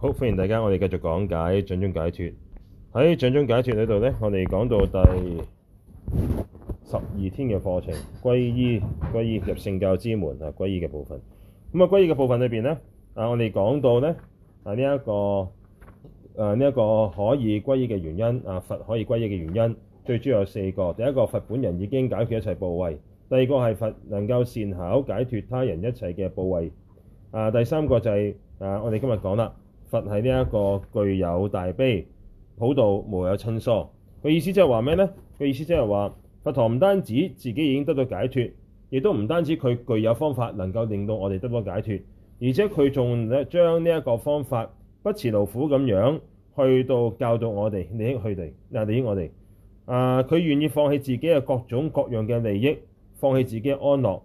好，歡迎大家。我哋繼續講解掌中解脱，喺掌中解脱呢度呢，我哋講到第十二天嘅課程，皈依，皈依入聖教之門係皈依嘅部分。咁啊，皈依嘅部分裏邊呢，啊，我哋講到咧啊呢一、這個啊呢一個可以皈依嘅原因啊，佛可以皈依嘅原因，最主要有四個。第一個佛本人已經解決一切怖畏；第二個係佛能夠善巧解脱他人一切嘅怖畏；啊，第三個就係、是、啊，我哋今日講啦。佛喺呢一個具有大悲普度無有親疏。佢意思即係話咩呢？佢意思即係話佛陀唔單止自己已經得到解脫，亦都唔單止佢具有方法能夠令到我哋得到解脫，而且佢仲咧將呢一個方法不辭勞苦咁樣去到教導我哋利益佢哋，嗱利益我哋啊！佢願意放棄自己嘅各種各樣嘅利益，放棄自己嘅安樂，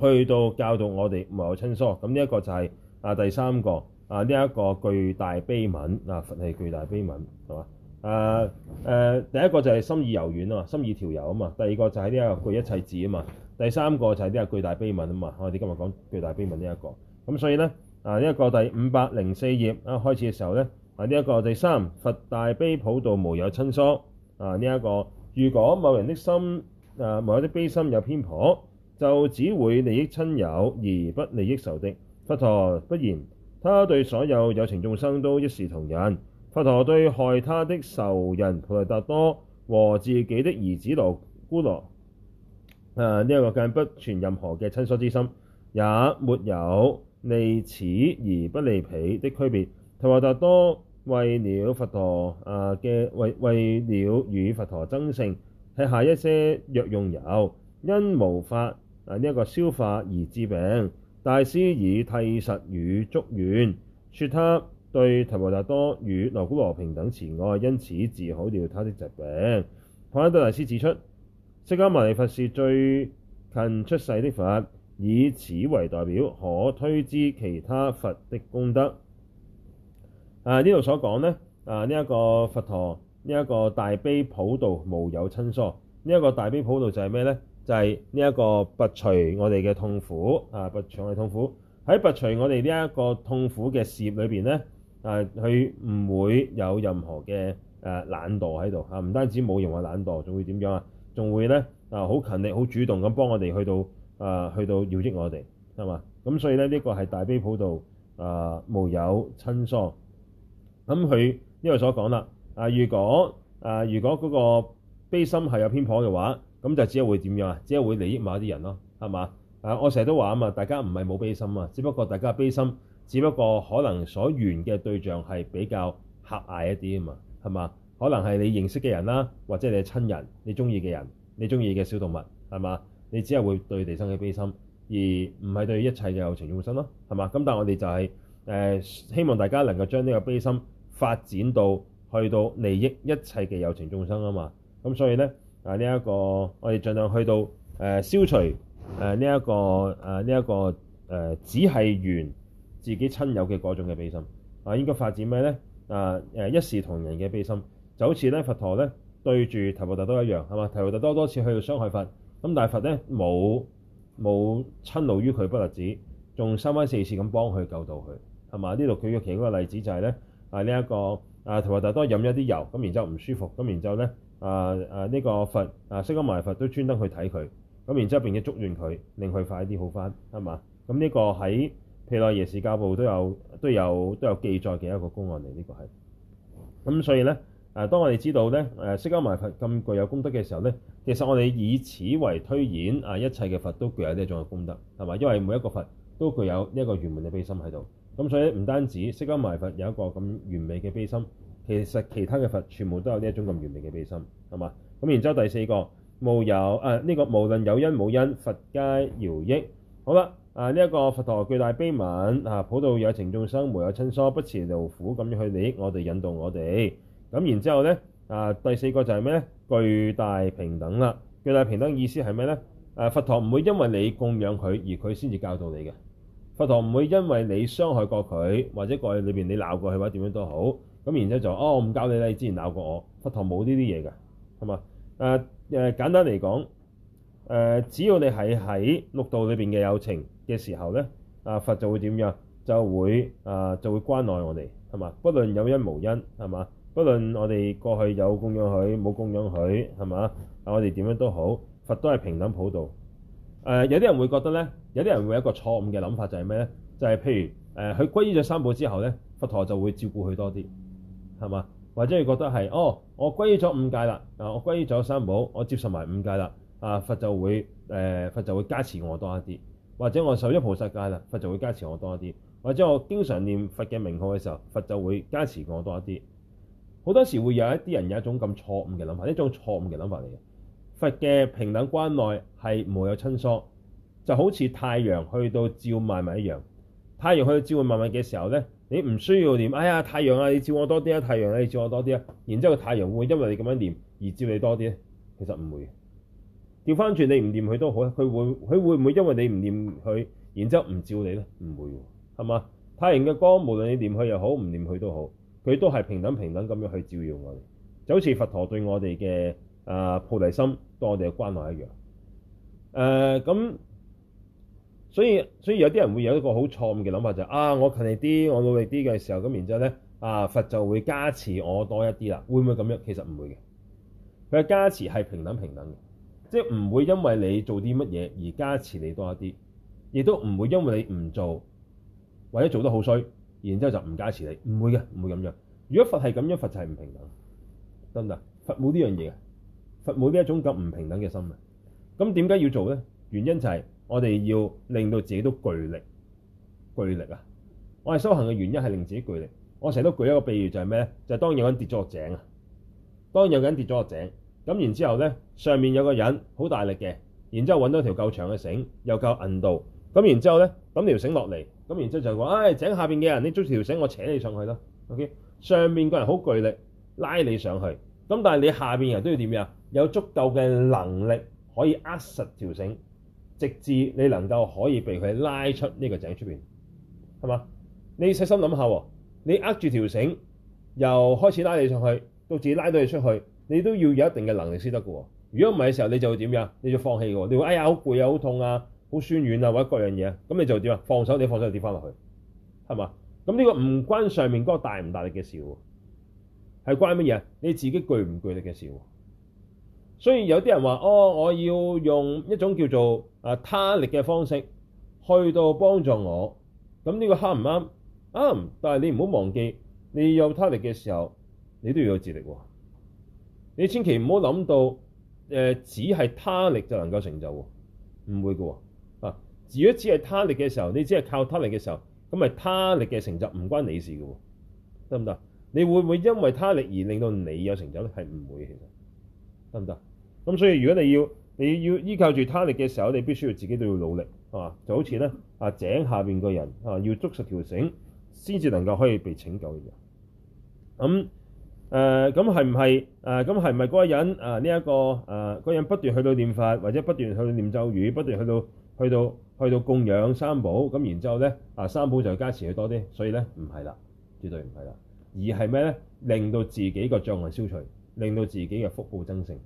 去到教導我哋無有親疏。咁呢一個就係、是、啊第三個。啊！呢一個具大悲憫啊，佛係具大悲憫，係嘛？誒、啊、誒、啊，第一個就係心意柔軟啊，心意調柔啊嘛。第二個就係呢一個具一切智啊嘛。第三個就係呢個具大悲憫啊嘛。我哋今日講具大悲憫呢一個咁，所以咧啊，呢、這、一個第五百零四頁啊開始嘅時候咧啊，呢、這、一個第三佛大悲普度無有親疏啊。呢、這、一個如果某人的心啊，某啲悲心有偏頗，就只會利益親友而不利益仇敵。佛陀不然。他對所有有情眾生都一視同仁，佛陀對害他的仇人提婆達多和自己的兒子羅怙羅，啊呢一、這個間不存任何嘅親疏之心，也沒有利此而不利彼的區別。提婆達多為了佛陀啊嘅，為為了與佛陀爭勝，吃下一些藥用油，因無法啊呢一個消化而致病。大師以諦實語祝願，說他對提婆達多與羅怙羅平等慈愛，因此治好了他的疾病。帕繃喀大師指出，釋迦牟尼佛是最近出世的佛，以此為代表，可推知其他佛的功德。啊，呢度所講呢，啊呢一、這個佛陀，呢、這、一個大悲普度無有親疏，呢、這、一個大悲普度就係咩呢？就係呢一個拔除我哋嘅痛苦啊！拔除我哋痛苦，喺拔除我哋呢一個痛苦嘅事業裏邊咧，啊，佢唔會有任何嘅誒懶惰喺度啊！唔、啊、單止冇用話懶惰，仲會點樣啊？仲會咧啊，好勤力、好主動咁幫我哋去到啊，去到饒益我哋，係嘛？咁所以咧，呢個係大悲普度啊，無有親疏。咁佢呢個所講啦啊，如果啊如果嗰個悲心係有偏頗嘅話。咁就只係會點樣啊？只係會利益某一啲人咯，係嘛？我成日都話啊嘛，大家唔係冇悲心啊，只不過大家悲心，只不過可能所緣嘅對象係比較狹隘一啲啊嘛，係嘛？可能係你認識嘅人啦，或者你嘅親人，你中意嘅人，你中意嘅小動物，係嘛？你只係會對地生起悲心，而唔係對一切嘅有情眾生咯，係嘛？咁但係我哋就係，誒，希望大家能夠將呢個悲心發展到去到利益一切嘅有情眾生啊嘛，咁所以咧。啊！呢、這、一個我哋儘量去到誒、呃、消除誒呢一個誒呢一個誒、呃、只係緣自己親友嘅嗰種嘅悲心啊！應該發展咩咧？啊誒一視同仁嘅悲心就好似咧佛陀咧對住提婆達多一樣，係嘛？提婆達多多次去到傷害佛，咁但係佛咧冇冇瞋怒於佢不達止，仲三番四次咁幫佢救度佢，係嘛？呢度佢嘅其中一個例子就係、是、咧啊呢、這個啊、一個啊提婆達多飲咗啲油咁，然之後唔舒服咁，然之後咧。啊啊！呢、啊這個佛啊，釋迦牟尼佛都專登去睇佢，咁然之後並且祝願佢，令佢快啲好返，係嘛？咁呢、這個喺《毗奈耶事教部都》都有都有都有記載嘅一個公案嚟，呢、這個係。咁所以咧，誒、啊，當我哋知道咧，誒、啊，釋迦牟尼佛咁具有功德嘅時候咧，其實我哋以此為推演，啊，一切嘅佛都具有呢一種嘅功德，係嘛？因為每一個佛都具有一個圓滿嘅悲心喺度，咁所以唔單止釋迦牟尼佛有一個咁完美嘅悲心。其實其他嘅佛全部都有呢一種咁完美嘅悲心，係嘛？咁然之後第四個無有誒呢、啊這個無論有恩冇恩，佛皆饒益。好啦，誒呢一個佛陀巨大悲憫啊，普度有情眾生，沒有親疏，不辭勞苦咁樣去利益我哋、引導我哋。咁然之後呢，誒、啊、第四個就係咩咧？巨大平等啦！巨大平等意思係咩呢、啊？佛陀唔會因為你供養佢而佢先至教導你嘅。佛陀唔會因為你傷害過佢或者過去裏邊你鬧過佢或者點樣都好。咁然之後就哦，我唔教你啦。你之前鬧過我，佛陀冇呢啲嘢㗎，係嘛？誒、呃、誒、呃，簡單嚟講、呃，只要你係喺六道裏面嘅有情嘅時候咧，啊、呃，佛就會點樣，就會、呃、就會關愛我哋，係嘛？不論有恩無恩，係嘛？不論我哋過去有供養佢，冇供養佢，係嘛？啊，我哋點樣都好，佛都係平等普度、呃、有啲人會覺得咧，有啲人會有一個錯誤嘅諗法就，就係咩咧？就係譬如佢、呃、皈依咗三寶之後咧，佛陀就會照顧佢多啲。係嘛？或者你覺得係哦，我歸咗五戒啦，啊，我歸咗三寶，我接受埋五戒啦，啊，佛就會，佛就會加持我多一啲；或者我受一菩薩戒啦，佛就會加持我多一啲；或者我經常念佛嘅名號嘅時候，佛就會加持我多一啲。好多時會有一啲人有一種咁錯誤嘅諗法，一種錯誤嘅諗法嚟嘅。佛嘅平等關愛係冇有親疏，就好似太陽去到照萬物一樣。太陽去到照萬物嘅時候咧。你唔需要念，哎呀，太陽啊，你照我多啲啊，太陽啊，你照我多啲啊。然之後太陽會因為你咁樣念而照你多啲咧？其實唔會。調翻轉，你唔念佢都好，佢會佢會唔會因為你唔念佢，然之後唔照你咧？唔會，係嘛？太陽嘅光，無論你念佢又好，唔念佢都好，佢都係平等平等咁樣去照耀我哋。就好似佛陀對我哋嘅啊菩提心對我哋嘅關愛一樣。誒、呃，咁。所以所以有啲人會有一個好錯誤嘅諗法，就係啊，我勤力啲我努力啲嘅時候，咁然之後咧，啊，佛就會加持我多一啲啦，會唔會咁樣？其實唔會嘅，佢嘅加持係平等平等嘅，即係唔會因為你做啲乜嘢而加持你多一啲，亦都唔會因為你唔做或者做得好衰，然之後就唔加持你，唔會嘅，唔會咁樣。如果佛係咁樣，佛就係唔平等，得唔得？佛冇呢樣嘢嘅，佛冇呢一種咁唔平等嘅心嘅。咁點解要做咧？原因就係。我哋要令到自己都具力，具力啊！我係修行嘅原因係令自己具力。我成日都舉一個比喻就係咩咧？就係、是就是、當有人跌咗個井啊！當有人跌咗個井，咁然之後咧，上面有個人好大力嘅，然之後揾到條夠長嘅繩，又夠韌度，咁然之後咧，咁條繩落嚟，咁然之後就話：，唉、哎，井下面嘅人，你捉條繩，我扯你上去啦。OK，上面個人好具力，拉你上去，咁但係你下面人都要點呀？有足夠嘅能力可以握實條繩。直至你能夠可以被佢拉出呢個井出面，係嘛？你細心諗下喎，你握住條繩，又開始拉你上去，到自己拉到你出去，你都要有一定嘅能力先得嘅喎。如果唔係嘅時候，你就會點樣？你就放棄喎，你會哎呀好攰啊，好痛啊，好酸軟啊，或者各樣嘢，咁你就點啊？放手，你放手就跌翻落去，係嘛？咁呢個唔關上面個大唔大力嘅事喎，係關乜嘢？你自己具唔具力嘅事喎。所以有啲人話，哦，我要用一種叫做啊他力嘅方式去到幫助我，咁呢個啱唔啱？啱，但係你唔好忘記，你有他力嘅時候，你都要有自力喎。你千祈唔好諗到，誒、呃，只係他力就能夠成就，唔會嘅喎。啊，如果只係他力嘅時候，你只係靠他力嘅時候，咁係他力嘅成就唔關你事嘅，得唔得？你會唔會因為他力而令到你有成就咧？係唔會，其實得唔得？行。咁、嗯、所以，如果你要你要依靠住他力嘅時候，你必須要自己都要努力啊！就好似咧啊井下邊個人啊，要捉實條繩先至能夠可以被拯救嘅人。咁誒咁係唔係誒咁係咪嗰個人誒呢一個誒嗰、啊、人不斷去到念法，或者不斷去到念咒語，不斷去到去到去到，去到供養三寶咁，然之後咧啊三寶就要加持佢多啲，所以咧唔係啦，絕對唔係啦，而係咩咧？令到自己個障礙消除，令到自己嘅福報增盛。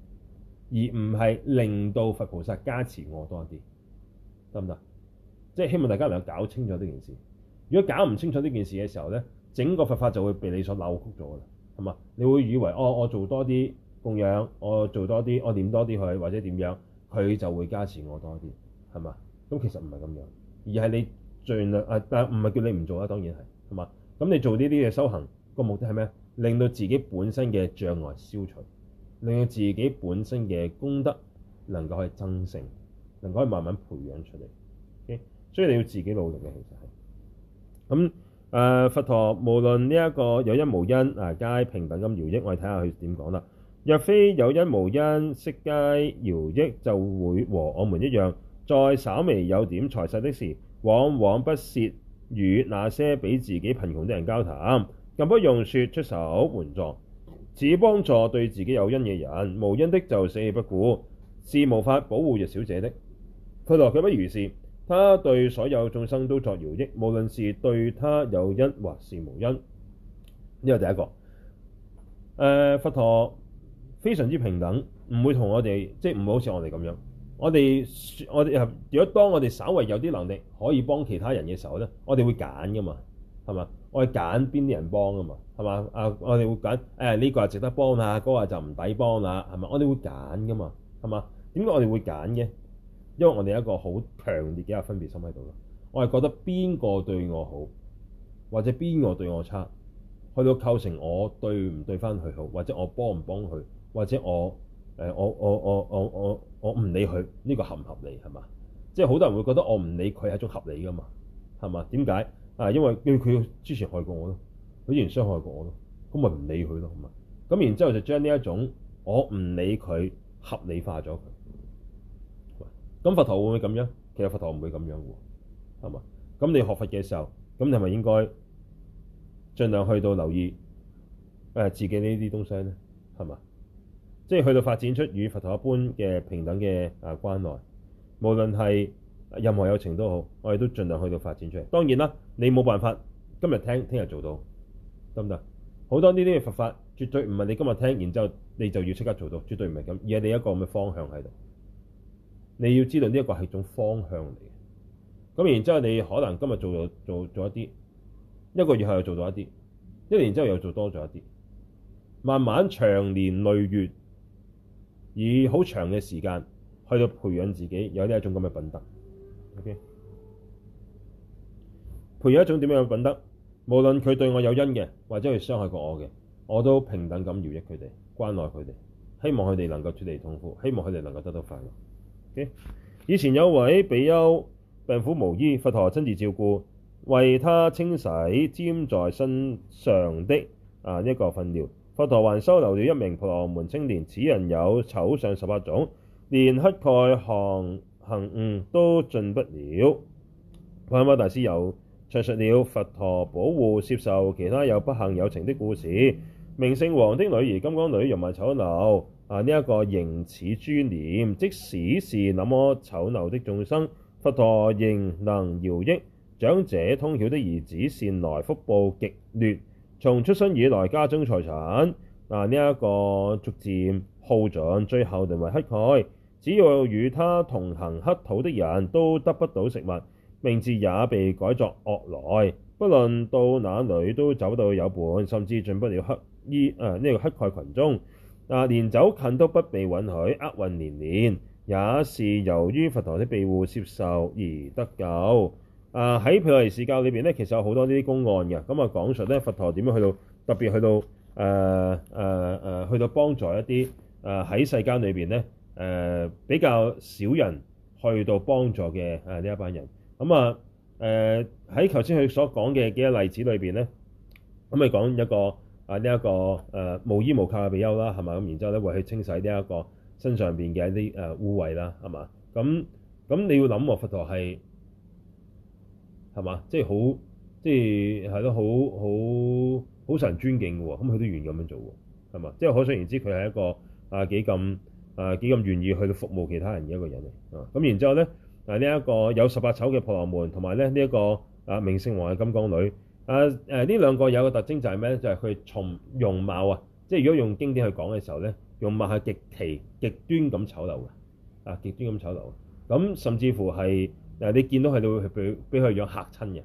而唔係令到佛菩薩加持我多啲，得唔得？即係希望大家能夠搞清楚呢件事。如果搞唔清楚呢件事嘅時候呢，整個佛法就會被你所扭曲咗啦，係嘛？你會以為哦，我做多啲供養，我做多啲，我念多啲佢，或者點樣，佢就會加持我多啲，係嘛？咁其實唔係咁樣，而係你盡量，啊，但唔係叫你唔做啦，當然係，係嘛？咁你做呢啲嘢修行，個目的係咩？令到自己本身嘅障礙消除。令自己本身嘅功德能夠去增勝，能夠去慢慢培養出嚟。Okay? 所以你要自己努力嘅，其實係咁、嗯呃、佛陀無論呢一個有恩無恩啊，皆平等咁饒益。我哋睇下佢點講啦。若非有恩無恩，悉皆饒益，就會和我們一樣，在稍微有點財勢的時，往往不屑與那些比自己貧窮的人交談，更不用說出手援助。只幫助對自己有恩嘅人，無恩的就死而不顧，是無法保護弱小者的。佛陀卻不如是，他對所有眾生都作饒益，無論是對他有恩或是無恩。呢個第一個，誒、呃、佛陀非常之平等，唔會同我哋，即係唔會好似我哋咁樣。我哋我哋如果當我哋稍微有啲能力可以幫其他人嘅時候咧，我哋會揀㗎嘛，係嘛？我係揀邊啲人幫啊嘛，係嘛啊？我哋會揀，誒呢個係值得幫啊，嗰個就唔抵幫啦，係咪？我哋會揀噶嘛，係嘛？點解我哋會揀嘅？因為我哋有一個好強烈嘅分別心喺度咯。我係覺得邊個對我好，或者邊個對我差，去到構成我對唔對翻佢好，或者我幫唔幫佢，或者我誒我我我我我我唔理佢，呢個合唔合理係嘛？即係好多人會覺得我唔理佢係一種合理噶嘛，係嘛？點解？啊，因為佢佢之前害過我咯，佢之前傷害過我咯，咁咪唔理佢咯，係咪？咁然之後就將呢一種我唔理佢合理化咗佢，咁佛陀會唔會咁樣？其實佛陀唔會咁樣喎，係咪？咁你學佛嘅時候，咁你係咪應該儘量去到留意誒、呃、自己呢啲東西咧？係咪？即、就、係、是、去到發展出與佛陀一般嘅平等嘅啊關愛，無論係。任何友情都好，我哋都盡量去到發展出嚟。當然啦，你冇辦法今日聽，聽日做到得唔得？好多呢啲嘅佛法，絕對唔係你今日聽，然之後你就要即刻做到，絕對唔係咁。而係你一個咁嘅方向喺度，你要知道呢一個係一種方向嚟嘅。咁然之後，你可能今日做咗做做一啲，一個月後又做到一啲，一年之後又做多咗一啲，慢慢長年累月，以好長嘅時間去到培養自己有呢一種咁嘅品德。培、okay. 養一種點樣嘅品德，無論佢對我有恩嘅，或者佢傷害過我嘅，我都平等咁饒益佢哋，關愛佢哋，希望佢哋能夠脱離痛苦，希望佢哋能夠得到快樂。O、okay. K，以前有位比丘病苦無依，佛陀親自照顧，為他清洗沾在身上的啊一、這個糞尿。佛陀還收留了一名婆羅門青年，此人有醜相十八種，連乞丐行。行伍都進不了。帕繃、啊、喀大師又詳述了佛陀保護、攝受其他有不幸、有情的故事。明勝王的女兒金剛女，又埋醜陋啊！呢、這、一個形似豬臉，即使是那麼醜陋的眾生，佛陀仍能饒益。長者通曉的兒子善來，福報極劣，從出生以來家中財產啊！呢、這、一個逐漸耗盡，最後成為乞丐。只要與他同行乞討的人都得不到食物，名字也被改作惡來。不論到哪裏都找不到友伴，甚至進不了乞衣啊呢、這個乞丐群中。中啊，連走近都不被允許，厄運連連也是由於佛陀的庇護攝受而得救啊。喺《皮羅尼士教》裏邊咧，其實有好多呢啲公案嘅咁啊，講、嗯、述咧佛陀點樣去到特別去到誒誒誒去到幫助一啲啊喺世間裏邊咧。誒、呃、比較少人去到幫助嘅啊呢一班人咁啊，誒喺頭先佢所講嘅幾個例子裏邊咧，咁佢講一個啊呢一、這個誒、呃、無依無靠嘅比丘啦係嘛咁，然之後咧為去清洗呢一個身上邊嘅一啲誒、呃、污穢啦係嘛咁，咁你要諗喎，佛陀係係嘛即係好即係係咯，好好好受人尊敬嘅喎，咁佢都願意咁樣做喎係嘛，即係、就是、可想而知佢係一個啊幾咁。呃誒幾咁願意去服務其他人嘅一個人嚟啊！咁、啊、然之後咧，呢、啊、一、呢個有十八醜嘅婆羅門，同埋咧呢一個、啊、明勝王嘅金剛女，啊呢兩、啊、個有個特徵就係咩咧？就係佢從容貌啊，即係如果用經典去講嘅時候咧，容貌係極其極端咁醜陋嘅啊，極端咁醜陋。咁、啊、甚至乎係、啊、你見到佢到俾俾佢樣嚇親嘅。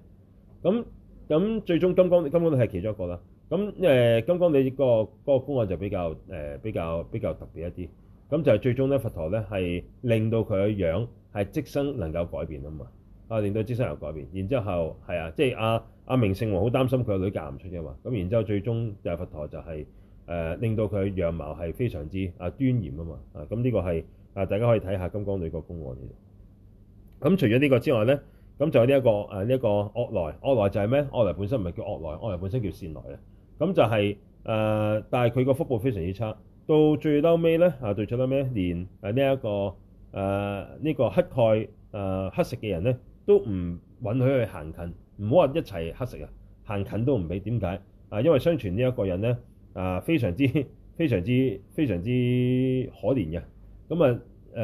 咁、啊、咁、啊、最終金剛金剛女係其中一個啦。咁、啊、金剛女、嗰個、嗰個個公案就比較、啊、比較比較特別一啲。咁就係最終咧，佛陀咧係令到佢嘅樣係即身能夠改變啊嘛，啊令到即身有改變，然之後係啊，即係阿阿明勝王好擔心佢個女嫁唔出嘅嘛，咁然之後最終就係佛陀就係、是、誒、呃、令到佢嘅樣貌係非常之啊端嚴啊嘛，啊咁呢、這個係啊大家可以睇下《金剛女個公案》嚟。咁除咗呢個之外咧，咁就係呢一個誒呢一個惡來，惡來就係咩？惡來本身唔係叫惡來，惡來本身叫善來啊。咁就係、是、誒、呃，但係佢個福報非常之差。到最嬲尾咧，啊，到最嬲尾咧，連呢、誒、一個誒呢、呃呢個乞丐誒、呃、乞食嘅人咧，都唔允許佢行近，唔好話一齊乞食啊！行近都唔俾，點解？啊，因為相傳呢一個人咧啊，非常之非常之非常之可憐嘅，咁啊誒誒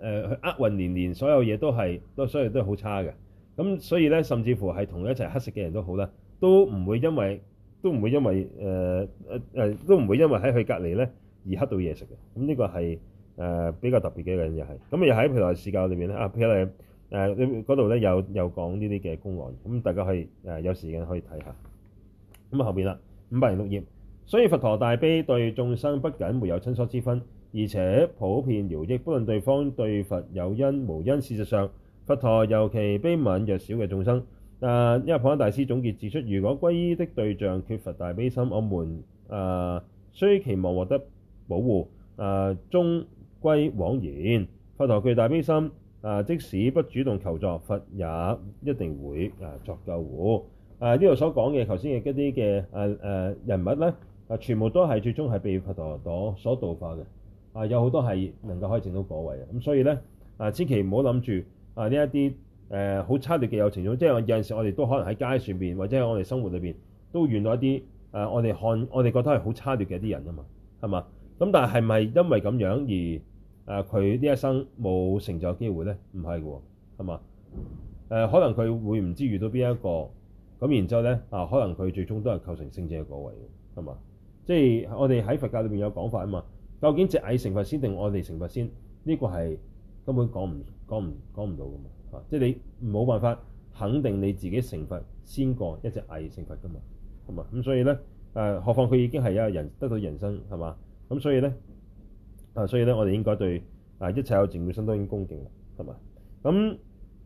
佢厄運連連，所有嘢都係都所有都好差嘅，咁所以咧，甚至乎係同佢一齊乞食嘅人都好啦，都唔會因為，都唔會因為誒誒誒都唔會因為喺佢隔籬咧而乞到嘢食嘅，咁、嗯、呢、這個係誒、呃、比較特別嘅一樣嘢係。咁、嗯、又喺譬如話《史教》裏邊咧啊，譬如誒誒度咧有有講呢啲嘅公案，咁、嗯、大家係誒、呃、有時間可以睇下。咁、嗯、啊後邊啦，五百零六頁，所以佛陀大悲對眾生不僅沒有親疏之分，而且普遍饒益，無論對方對佛有恩無恩。事實上，佛陀尤其悲愍弱小嘅眾生。啊，因為帕繃喀大師總結指出，如果皈依的對象缺乏大悲心，我們啊雖期望獲得保護，啊終歸枉然。佛陀具大悲心，啊即使不主動求助，佛也一定會啊作救護。啊呢度所講嘅頭先嘅一啲嘅啊啊人物咧，啊全部都係最終係被佛陀的所度化嘅。啊有好多係能夠可以證到果位嘅，咁、啊、所以咧啊千祈唔好諗住啊呢一啲。這些誒、呃、好差劣嘅有情，即係有陣時，我哋都可能喺街上面，或者我哋生活裏面，都遇到一啲誒、呃、我哋看我哋覺得係好差劣嘅一啲人啊嘛，係嘛？咁但係係咪因為咁樣而誒佢呢一生冇成就機會咧？唔係嘅喎，係嘛、呃？可能佢會唔知遇到邊一個咁，然之後咧啊，可能佢最終都係構成聖者個位嘅，係嘛？即係我哋喺佛教裏面有講法啊嘛。究竟隻蟻成佛先定我哋成佛先？呢、這個係根本講唔講唔講唔到嘅嘛。即係你冇辦法肯定你自己成佛先過一隻蟻成佛㗎嘛，係嘛？咁所以咧，誒、啊，何況佢已經係一個人得到人生係嘛？咁所以咧，啊，所以咧，我哋應該對啊一切有情眾生都已經恭敬啦，係嘛？咁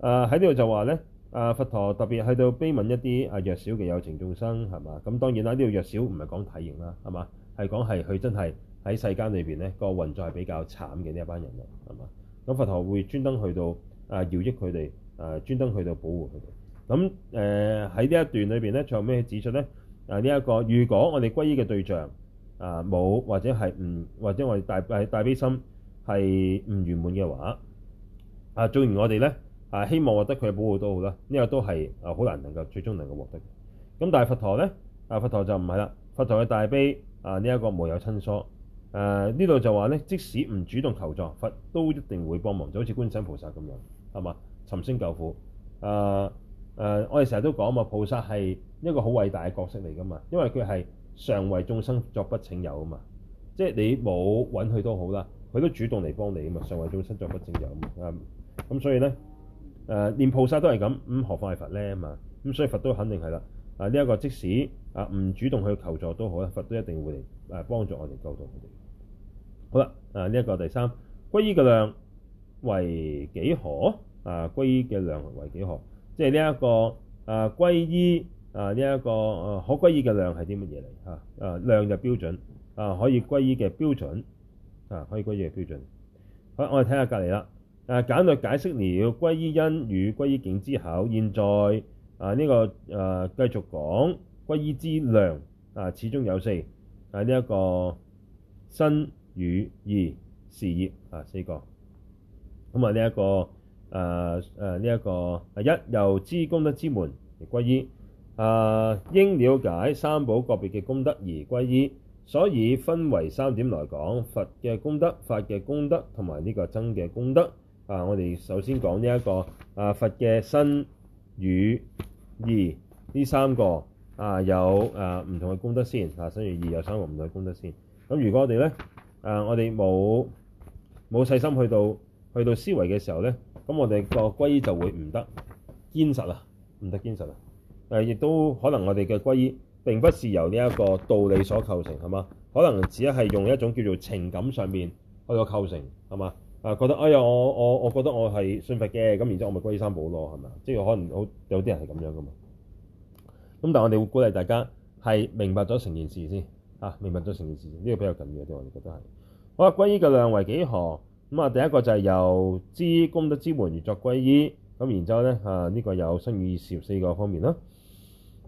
啊喺呢度就話咧，啊，呢啊佛陀特別喺度悲憫一啲啊弱小嘅有情眾生係嘛？咁當然啦，呢度弱小唔係講體型啦，係嘛？係講係佢真係喺世間裏邊咧個運作係比較慘嘅呢一班人啊，係嘛？咁佛陀會專登去到。他們他們呃、啊！饒益佢哋，啊專登去到保護佢哋。咁誒喺呢一段裏邊咧，仲有咩指出咧？啊呢一個，如果我哋皈依嘅對象啊冇或者係唔或者我哋大大悲心係唔圓滿嘅話，啊縱然我哋咧啊希望獲得佢嘅保護都好啦，呢、這個都係啊好難能夠最終能夠獲得。咁但係佛陀咧，啊佛陀就唔係啦，佛陀嘅大悲啊呢一、這個無有親疏。誒、啊、呢度就話咧，即使唔主動求助，佛都一定會幫忙，就好似觀世音菩薩咁樣。係嘛？尋聲救苦。誒、呃、誒、呃，我哋成日都講嘛，菩薩係一個好偉大嘅角色嚟㗎嘛。因為佢係上為眾生作不請友啊嘛。即係你冇揾佢都好啦，佢都主動嚟幫你啊嘛。上為眾生作不請友啊、嗯。咁、嗯、所以咧，誒、呃、連菩薩都係咁，咁、嗯、何況係佛咧嘛？咁、嗯、所以佛都肯定係啦。啊呢一、這個即使啊唔主動去求助都好啦，佛都一定會嚟誒、啊、幫助我哋救到佢哋。好啦，啊呢一、啊這個第三，歸依嘅量。為幾何啊？歸依嘅量為幾何？即係呢一個啊，歸依啊，呢一個啊，可歸依嘅量係啲乜嘢嚟嚇？啊，量嘅標準啊，可以歸依嘅標準啊，可以歸依嘅標準。好，我哋睇下隔離啦。簡略解釋了歸依因與歸依境之後，現在啊，呢個啊繼續講歸依之量啊，始終有四啊，呢一個身與意事業啊，四個。咁啊！呢一個誒誒呢一個辛一，由知功德之門而歸依誒，應了解三寶各別嘅功德而歸依，所以分為三點來講：佛嘅功德、法嘅功德同埋呢個僧嘅功德。啊，我哋首先講呢一個啊，佛嘅身、語、意呢三個啊，有啊唔同嘅功德先啊，身、語、意有三個唔同嘅功德先。咁如果我哋咧誒，我哋冇冇細心去到。去到思維嘅時候咧，咁我哋個皈依就會唔得堅實啊，唔得堅實啊。誒，亦都可能我哋嘅皈依並不是由呢一個道理所構成，係嘛？可能只係用一種叫做情感上面去個構成，係嘛？啊，覺得哎呀，我我我覺得我係信佛嘅，咁然之後我咪皈三寶咯，係咪？即係可能好有啲人係咁樣噶嘛。咁但係我哋會鼓勵大家係明白咗成件事先，嚇、啊、明白咗成件事呢、這個比較緊要嘅，我哋覺得係。好啊，皈依嘅量為幾何？咁啊，第一個就係由知功德之門而作歸依，咁然之後咧啊，呢、這個有身語意事業四個方面啦。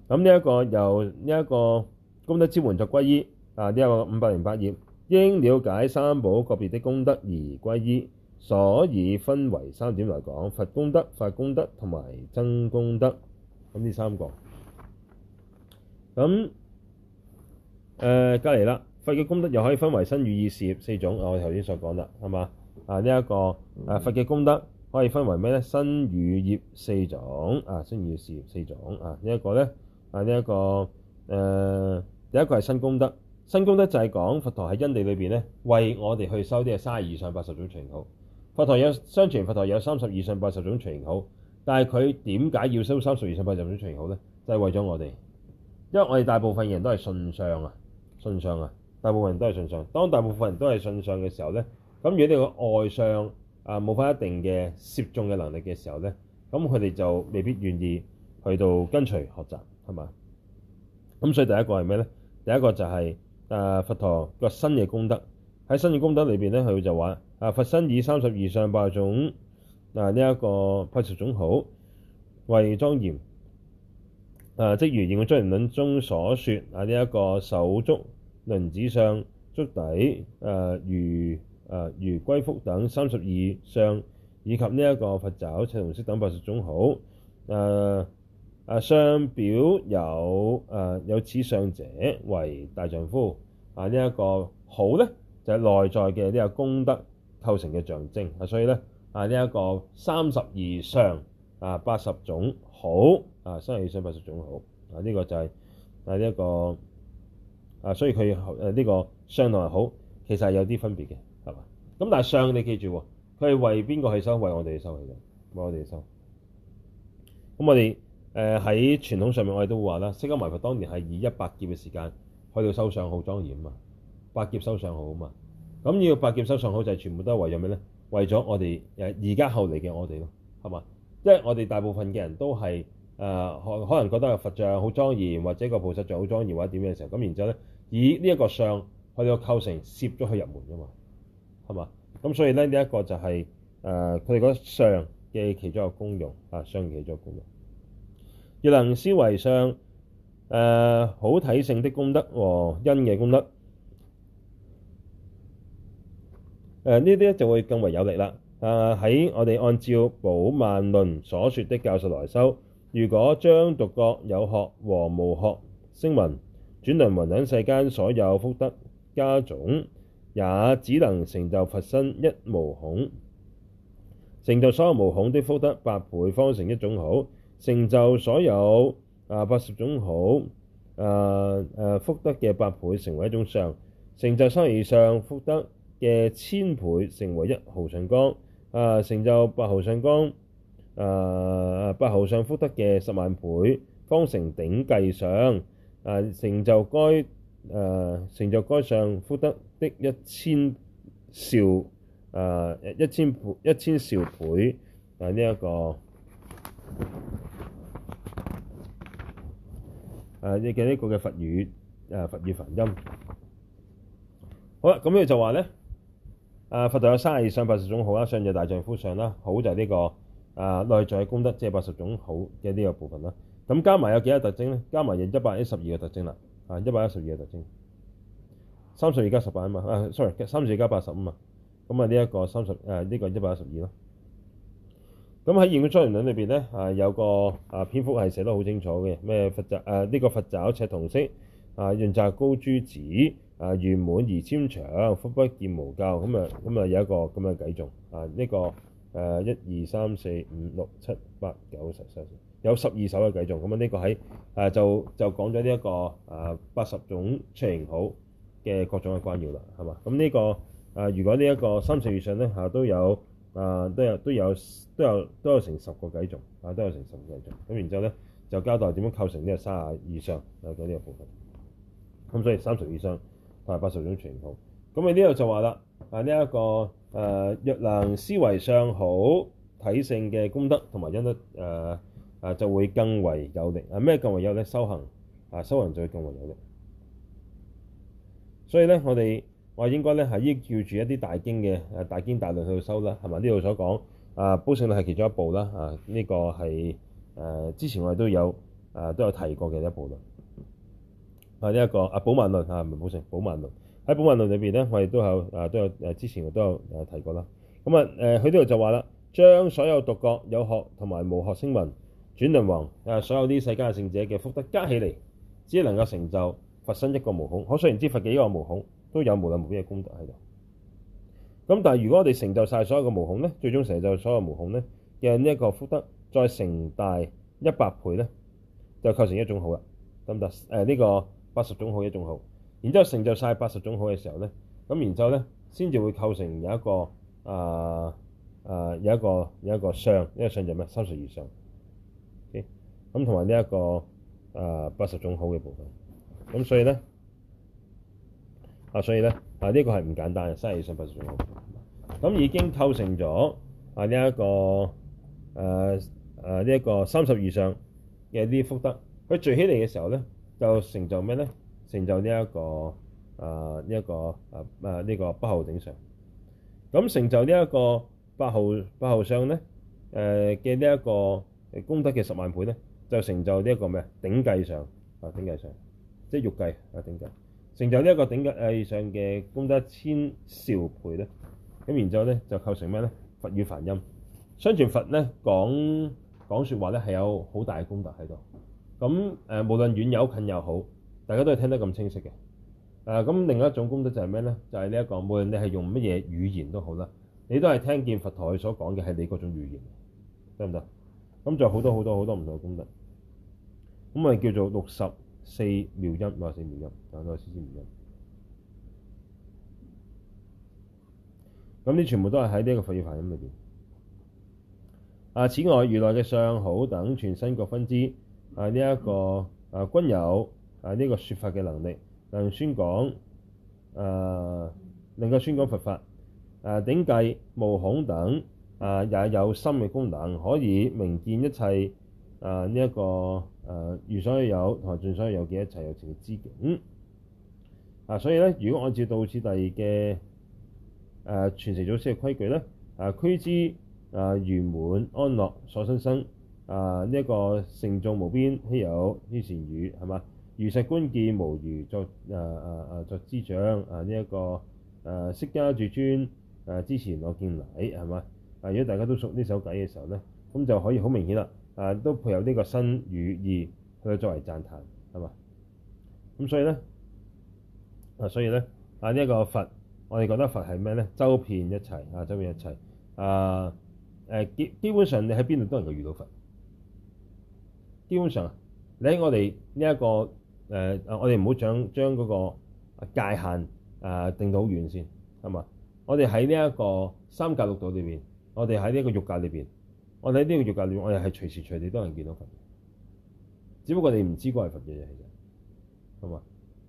咁呢一個由呢一個功德之門作歸依，啊呢、這個五百零八頁應了解三寶個別的功德而歸依，所以分為三點嚟講：佛功德、法功德同埋僧功德，咁呢三個。咁誒、呃，隔離啦，佛嘅功德又可以分為身語意事業四種，我頭先所講啦，係嘛？啊！呢一個啊，佛嘅功德可以分為咩咧？身語業四種啊，身語事業四種啊。呢一個咧啊，呢一個誒、呃，第一個係身功德。身功德就係講佛陀喺因地裏邊咧，為我哋去修啲啊三十二相八十種隨形好。佛陀有相傳，佛陀有三十二相八十種隨形好，但係佢點解要修三十二相八十種隨形好咧？就係、是、為咗我哋，因為我哋大部分人都係信相啊，信相啊，大部分人都係信相。當大部分人都係信相嘅時候咧。咁如果你個外相啊冇翻一定嘅攝眾嘅能力嘅時候咧，咁佢哋就未必願意去到跟隨學習，係嘛？咁所以第一個係咩咧？第一個就係、是、啊佛陀個身嘅功德，喺身嘅功德裏邊咧，佢就話啊佛身以三十二相八十種啊呢一、這個八十種好為莊嚴啊，即如現觀莊嚴論中所說啊呢一、這個手足輪相具足底誒、啊、如。誒如龜腹等三十二相，以及呢一個佛爪赤銅色等八十種好。誒、啊、誒，相表有誒、啊、有此相者為大丈夫。啊，呢、這、一個好咧，就係、是、內在嘅呢個功德構成嘅象徵。啊，所以咧啊，呢、這、一個三十二相啊，八十種好啊，三十二相八十種好啊，呢、這個就係、是、啊呢一、這個啊，所以佢誒呢個相對好，其實係有啲分別嘅。咁但係相，你記住，佢係為邊個去收？為我哋去收嘅啫，為我哋去收。咁我哋誒喺傳統上面，我哋都會話啦，釋迦牟尼佛當年係以一百劫嘅時間去到收相好莊嚴啊，百劫收相好啊嘛。咁要百劫收相好，就係全部都係為咗咩咧？為咗我哋誒而家後嚟嘅我哋咯，係嘛？因為我哋大部分嘅人都係可、呃、可能覺得佛像好莊嚴，或者個菩薩像好莊嚴，或者點樣嘅時候咁，然之後咧以呢一個相去到構成攝咗佢入門噶嘛。係嘛？咁所以咧，呢、這、一個就係誒佢哋嗰相嘅其中一個功用，啊相嘅其中一個功用。若能思維相誒、呃、好體性的功德和因嘅功德，誒呢啲咧就會更為有力啦。誒、呃、喺我哋按照寶鬃論所說的教授來修，如果將獨覺有學和無學聲聞轉輪王等世間所有福德家種。也只能成就佛身一毛孔，成就所有毛孔的福德百倍，方成一種好；成就所有啊八十種好，啊誒、啊、福德嘅百倍成為一種相，成就三十二相福德嘅千倍，成為白毫相光；啊成就白毫相光，啊白毫相福德嘅十萬倍，方成頂髻相；啊成就該。誒，成就該相福德的一千兆啊、呃、一千倍，一千兆倍啊，呢一個誒呢、呃這個呢、這個嘅佛語誒、呃、佛語梵音，好啦，咁佢就話咧，誒佛道有三十二相八十種好啦，相就大丈夫相啦，好就係呢、這個誒內、呃、在功德，即係八十種好嘅呢個部分啦，咁加埋有幾多特徵咧？加埋就一百一十二個特徵啦。啊！一百一十二嘅特徵，三十二加十八啊嘛。啊，sorry，三十二加八十啊嘛。咁啊，這個、呢啊一個三十，誒呢個一百一十二咯。咁喺《現觀莊嚴論》裏邊咧，啊有個啊篇幅係寫得好清楚嘅，咩佛爪誒呢個佛爪赤銅色，啊潤澤高珠子，啊圓滿而纖長，福不見毛咎」。咁啊咁啊有一個咁嘅計數啊呢、這個。誒，一二三四五六七八九十十一，有十二首嘅計數。咁啊，呢個喺誒、啊、就就講咗呢一個啊八十種隨形好嘅各種嘅關要啦，係嘛？咁呢、呢個誒、啊，如果呢一個三十二相咧，嚇、啊、都有誒、啊、都有都有都有都有成十個計數，啊都有成十個計數。咁然之後咧就交代點樣構成呢個三十二相有幾多呢個部分。咁所以三十二相同埋八十種隨形好。咁啊呢度就話啦，啊呢一個。啊呢個誒、啊、若能思維相好體性嘅功德同埋因德，誒、啊、誒、啊、就會更為有力啊咩更為有力？修行啊，修行就會更為有力。所以咧，我哋我哋應該咧係依照住一啲大經嘅誒大經大論去修啦，係嘛？呢度所講啊，寶性論係其中一部啦。啊，呢、這個係誒、啊、之前我哋都有誒、啊、都有提過嘅一部啦。啊，呢、這、一個啊寶鬘論啊唔係寶性，寶鬘論。喺《寶鬃論》裏邊咧，我哋都有啊，都有誒、啊，之前我都有誒提過啦。咁啊誒，佢呢度就話啦，將所有獨覺有學同埋無學聲聞轉輪王啊，所有啲世界聖者嘅福德加起嚟，只能夠成就佛身一個毛孔。可想而知佛嘅一個毛孔都有無量無邊嘅功德喺度。咁但係如果我哋成就晒所有嘅毛孔咧，最終成就所有毛孔咧嘅呢一個福德，再成大一百倍咧，就構成一種好啦，得唔得？誒、啊、呢、這個八十種好一種好。然之後成就晒八十種好嘅時候咧，咁然之後咧，先至會構成有一個啊啊、呃呃、有一個有一個相，呢、這個相就咩？三十二相，OK，咁同埋呢一個啊八十種好嘅部分，咁所以咧啊，所以咧啊呢、這個係唔簡單嘅，三十二相八十種好，咁已經構成咗啊呢一、啊啊這個誒誒呢一個三十二相嘅啲福德，佢聚起嚟嘅時候咧，就成就咩咧？成就呢、這、一個、呃這個、啊，呢、這、一個啊啊呢個白毫頂上，咁成就這個上呢一個白毫白毫相咧，誒嘅呢一個功德嘅十萬倍咧，就成就呢一個咩啊頂髻相啊頂髻相，即係玉計啊頂髻成就呢一個頂髻、呃、上嘅功德千兆倍咧，咁然之後咧就構成咩咧佛語梵音，相傳佛咧講講説話咧係有好大嘅功德喺度，咁誒、呃、無論遠有近又好。大家都係聽得咁清晰嘅。咁、啊，另外一種功德就係咩咧？就係呢一個，無論你係用乜嘢語言都好啦，你都係聽見佛陀所講嘅係你嗰種語言，得唔得？咁就好多好多好多唔同嘅功德。咁咪叫做六十四妙音，六十四妙音，再少少妙音。咁呢全部都係喺呢一個佛語梵音裏面。啊，此外，如來嘅相好等全身各分支啊，呢、這、一個啊均有。係、啊、呢、這個說法嘅能力，能夠宣講，誒能宣講佛法，誒、啊、頂髻毛孔等、啊，也有心嘅功能，可以明見一切，誒呢一個誒如所有同盡所有嘅一切有情之境。啊，所以咧，如果按照道次第嘅誒傳承祖師嘅規矩咧，誒、啊、俱胝、啊、圓滿安樂所生身，誒呢一個盛重無邊稀有於善語係嘛？是吧？如實觀見，無如作誒誒誒作之長啊！呢、啊、一、啊這個誒釋、啊、迦住尊，誒、啊，支持我建禮係嘛？啊！如果大家都熟呢首偈嘅時候咧，咁就可以好明顯啦。啊，都配有呢個身語意去作為讚歎係嘛？咁所以咧啊，所以咧啊，呢、這、一個佛，我哋覺得佛係咩咧？周遍一切啊，周遍一切啊誒基基本上你喺邊度都能夠遇到佛。基本上你喺我哋呢一個。誒、呃、啊！我哋唔好將將嗰個界限誒、呃、定到好遠先，係嘛？我哋喺呢一個三界六道裏邊，我哋喺呢個欲界裏邊，我哋喺呢個欲界裏，我哋係隨時隨地都能見到佛嘅，只不過你唔知嗰係佛嘅嘢啫，係嘛？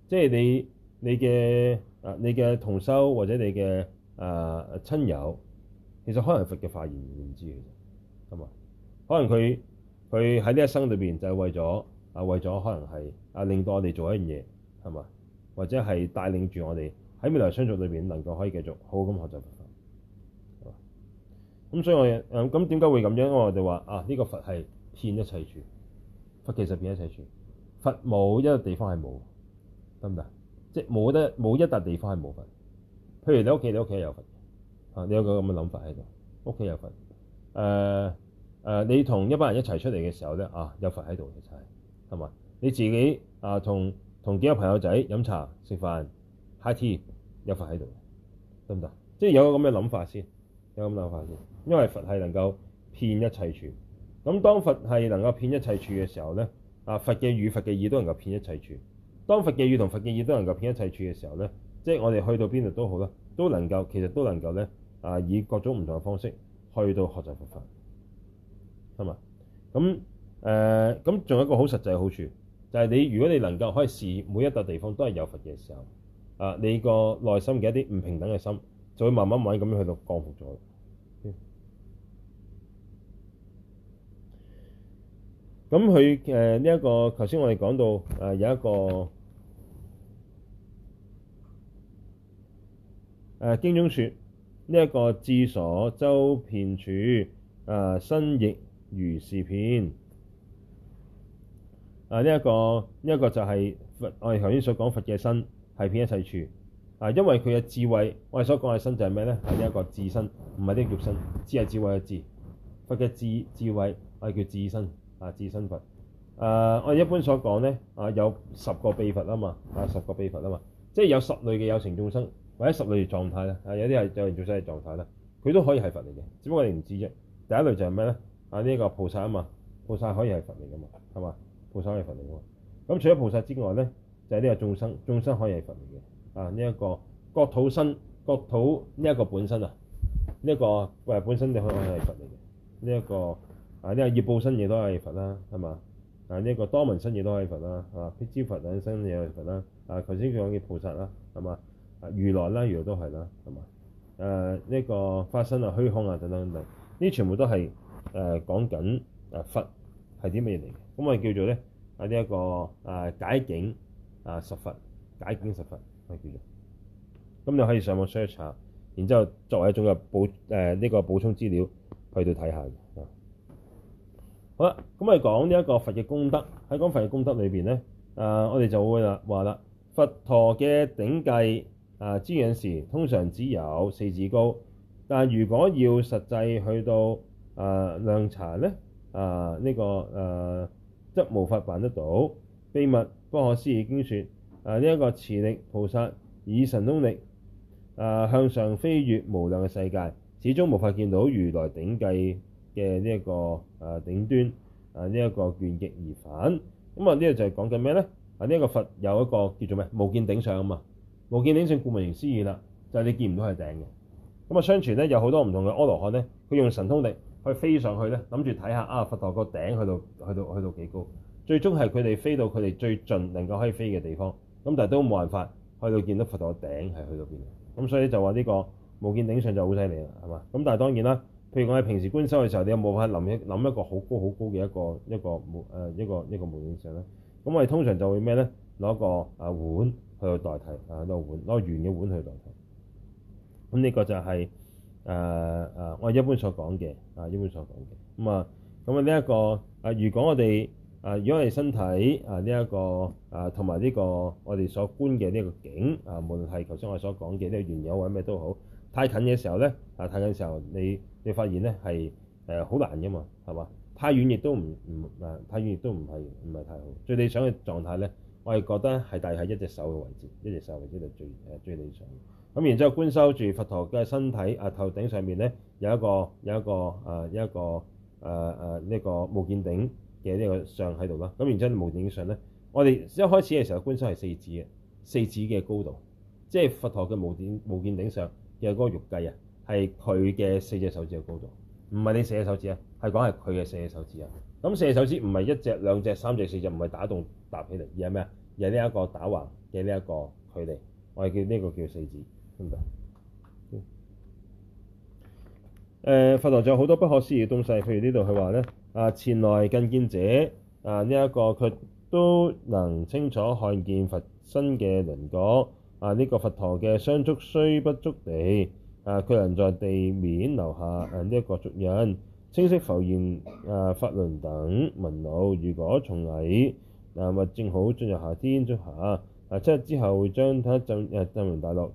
即、就、係、是、你你嘅誒、呃、你嘅同修或者你嘅誒、呃、親友，其實可能佛嘅化現唔知嘅，係嘛？可能佢佢喺呢一生裏邊就係為咗。啊，為咗可能係啊，令到我哋做一樣嘢係嘛，或者係帶領住我哋喺未來相續裏邊能夠可以繼續好好咁學習佛。咁所以我誒咁點解會咁樣？我哋話啊，呢、這個佛係遍一切處，佛其實遍一切處，佛冇一個地方係冇，得唔得？即係冇得冇一笪地方係冇佛。譬如你屋企，你屋企有佛啊，你有個咁嘅諗法喺度，屋企有佛。誒、啊、誒、啊，你同一班人一齊出嚟嘅時候咧啊，有佛喺度嘅，就係、是。係咪？你自己啊，同同幾個朋友仔飲茶食飯，下次有佛喺度，得唔得？即係有個咁嘅諗法先，有咁諗法先。因為佛係能夠遍一切處。咁當佛係能夠遍一切處嘅時候咧，啊佛嘅語、佛嘅意都能夠遍一切處。當佛嘅語同佛嘅意都能夠遍一切處嘅時候咧，即係我哋去到邊度都好啦，都能夠其實都能夠咧啊，以各種唔同嘅方式去到學習佛法，係咪？咁。誒咁仲有一個好實際嘅好處，就係、是、你如果你能夠可以視每一笪地方都係有佛嘅時候，啊、呃，你個內心嘅一啲唔平等嘅心，就會慢慢慢咁樣去到降服咗。咁佢誒呢一個頭先我哋講到誒、呃、有一個誒經、呃、中説呢一個智所周遍處啊，身、呃、亦如是遍。啊！呢一個呢一個就係佛，我哋頭先所講佛嘅身係遍一切處啊。因為佢嘅智慧，我哋所講嘅身就係咩咧？係呢一個智身，唔係呢個肉身。智係智慧嘅智，佛嘅智智慧，我哋叫智身啊。智身佛啊，我哋一般所講咧啊，有十個被佛啊嘛啊，十個被佛啊嘛，即係有十類嘅有情眾生或者十類嘅狀態啦。啊，有啲係有形眾生嘅狀態啦，佢都可以係佛嚟嘅，只不過你唔知啫。第一類就係咩咧？啊，呢一個菩薩啊嘛，菩薩可以係佛嚟噶嘛，係嘛？佛是佛的菩薩係佛嚟嘅，咁除咗菩薩之外咧，就係呢個眾生，眾生可以係佛嚟嘅。啊，呢、這、一個國土身、國土呢一個本身啊，呢、這、一個喂本身你可以係佛嚟嘅。呢、這、一個啊，呢個業報身亦都可以係佛啦，係嘛？啊，呢、這個多聞身亦都可以係佛啦，係知佛等等身嘢佛啦。啊，頭先講嘅菩薩啦，係嘛？啊，如來啦，如來都係啦，係嘛？誒，呢個法身啊、虛、這個啊、空啊等等，呢全部都係誒講緊誒佛係啲乜嘢嚟嘅。咁我哋叫做咧。嗰啲一個誒解境誒十佛解境十佛係叫做，咁你可以上網 search 下，然之後作為一種嘅補誒呢個補充資料去到睇下嘅。好啦，咁我哋講呢一個佛嘅功德，喺講佛嘅功德裏邊咧，誒、呃、我哋就會啦話啦，佛陀嘅頂髻誒瞻仰時通常只有四指高，但如果要實際去到誒、呃、量查咧，誒、呃、呢、這個誒。呃則無法辦得到。秘密不可思議經說：啊，呢、這、一個持力菩薩以神通力啊向上飛越無量嘅世界，始終無法見到如來頂髻嘅呢一個啊頂端啊呢一、這個倦極而返。咁啊，呢個就係講緊咩咧？啊，呢一個佛有一個叫做咩無見頂上啊嘛，無見頂上顧名思義啦，就係、是、你見唔到係頂嘅。咁啊，相傳咧有好多唔同嘅阿羅漢咧，佢用神通力。去飛上去咧，諗住睇下啊，佛陀個頂去到去到去到幾高？最終係佢哋飛到佢哋最盡能夠可以飛嘅地方，咁但係都冇辦法去到見到佛陀個頂係去到邊。咁所以就話呢個無見頂相就好犀利啦，係嘛？咁但係當然啦，譬如我哋平時觀修嘅時候，你有冇法諗一諗一個好高好高嘅一個一個木一個,一個,一,個一個無見頂相咧。咁我哋通常就會咩咧？攞個誒碗去代替啊，攞碗攞圓嘅碗去代替。咁呢個,個,個就係、是。誒、啊、誒、啊，我係一般所講嘅，啊一般所講嘅，咁啊，咁啊呢一個，啊如果我哋，啊如果我哋身體，啊呢一、呢個，啊同埋呢個我哋所觀嘅呢個景，啊無論係頭先我所講嘅呢個遠有或者咩都好，太近嘅時候咧，啊太近嘅時候你，你你發現咧係誒好難嘅嘛，係嘛？太遠亦都唔唔啊，太遠亦都唔係唔係太好。最理想嘅狀態咧，我係覺得係大約喺一隻手嘅位置，一隻手嘅位置度最誒、啊、最理想的。咁然之後，觀修住佛陀嘅身體啊，頭頂上面咧有一個有一個啊、呃、一個啊啊呢個無見頂嘅呢個相喺度啦。咁然之後無見頂相咧，我哋一開始嘅時候觀修係四指嘅四指嘅高度，即係佛陀嘅無，無見無見頂上嘅實嗰個肉髻啊係佢嘅四隻手指嘅高度，唔係你四隻手指啊，係講係佢嘅四隻手指啊。咁四隻手指唔係一隻兩隻三隻四隻，唔係打棟搭起嚟，而係咩啊？而係呢一個打橫嘅呢一個距離，我哋叫呢、這個叫四指。真、嗯、佛陀仲有好多不可思議嘅東西。譬如這裡他說呢度佢話咧，啊，前來覲見者啊，呢、這、一個佢都能清楚看見佛身嘅輪廓。啊，呢、這個佛陀嘅雙足雖不觸地啊，佢能在地面留下啊呢一個足印，清晰浮現啊法輪等紋路。文如果從來啊，物正好進入夏天夏，即夏啊七日之後會將他浸入浸入大樂。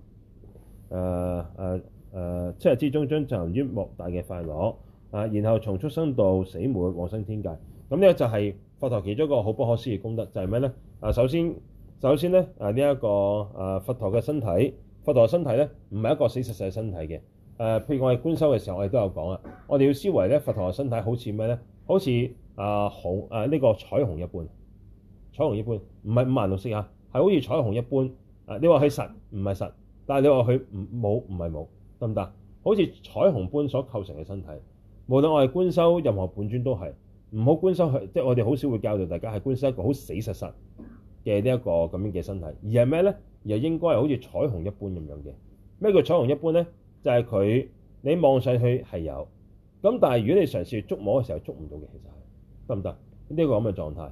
誒誒誒，七日之中將進行於莫大嘅快樂啊、呃！然後從畜生道死歿，往生天界。咁咧就係佛陀其中一個好不可思議功德，就係咩咧？啊、呃，首先首先咧，啊呢一個啊佛陀嘅身體，佛陀嘅身體咧，唔係一個死實實嘅身體嘅。誒、呃，譬如我哋觀修嘅時候，我哋都有講啊，我哋要思維咧，佛陀嘅身體好似咩咧？好似啊紅啊呢個彩虹一般，彩虹一般，唔係五顏六色嚇，係好似彩虹一般。啊、呃，你話係實唔係實？但係你話佢唔冇，唔係冇得唔得？好似彩虹般所構成嘅身體，無論我係觀修任何本尊都係，唔好觀修即係、就是、我哋好少會教導大家係觀修一個好死實實嘅呢一個咁樣嘅身體，而係咩咧？又應該係好似彩虹一般咁樣嘅。咩叫彩虹一般咧？就係、是、佢你望上去係有，咁但係如果你嘗試捉摸嘅時候捉唔到嘅，其實係得唔得？呢、這個咁嘅狀態，誒、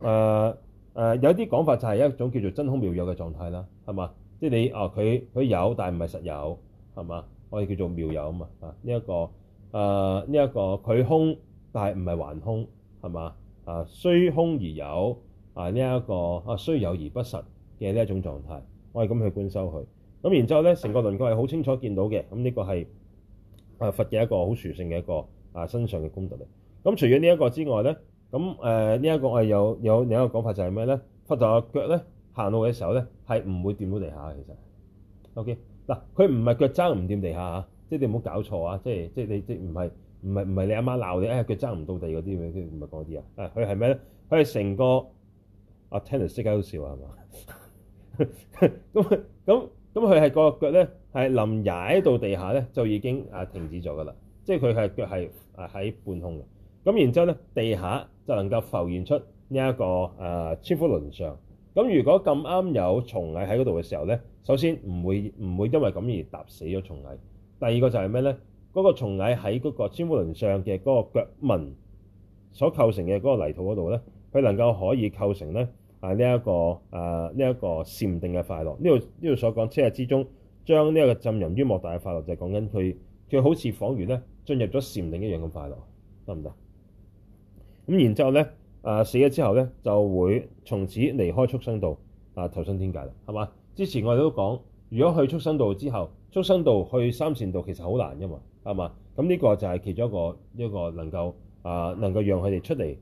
呃、誒、呃、有啲講法就係一種叫做真空妙有嘅狀態啦，係嘛？即係你哦，佢、啊、佢有，但係唔係實有，係嘛？我哋叫做妙有啊嘛！啊呢一個，啊呢一個，佢空，但係唔係還空，係嘛？啊雖空而有啊呢一個，啊雖有而不實嘅呢一種狀態，我係咁去觀修佢。咁然之後咧，成個輪廓係好清楚見到嘅。咁呢個係佛嘅一個好殊勝嘅一個啊身上嘅功德嚟。咁除咗呢一個之外咧，咁誒呢一個我係有有另一個講法就係咩咧？佛陀嘅腳咧。行路嘅時候咧，係唔會掂到地下嘅。其實 O K 嗱，佢唔係腳踭唔掂地下嚇、啊，即係你唔好搞錯啊！即係即係你即唔係唔係唔係你阿媽鬧你誒、啊、腳踭唔到地嗰啲唔係啲啊！佢係咩咧？佢係成個阿 tennis 幾好笑啊？係嘛咁咁咁，佢係個腳咧係臨踩到地下咧，就已經啊停止咗㗎啦。即係佢係腳係啊喺半空嘅。咁然之後咧，地下就能夠浮現出呢、這、一個誒千輻輪相。Uh, 咁如果咁啱有蟲蟻喺嗰度嘅時候咧，首先唔會唔會因為咁而踏死咗蟲蟻。第二個就係咩咧？嗰、那個蟲蟻喺嗰個千波輪上嘅嗰個腳紋所構成嘅嗰個泥土嗰度咧，佢能夠可以構成咧啊呢一、這個啊呢一、這個禪定嘅快樂。呢度呢度所講七日之中將呢一個浸淫於莫大嘅快樂，就係講緊佢佢好似仿如咧進入咗禪定一樣咁快樂，得唔得？咁然之後咧。誒、啊、死咗之後咧，就會從此離開畜生道，啊投身天界啦，係嘛？之前我哋都講，如果去畜生道之後，畜生道去三善道其實好難嘅嘛，係嘛？咁呢個就係其中一個一、這個能夠啊能夠讓佢哋出嚟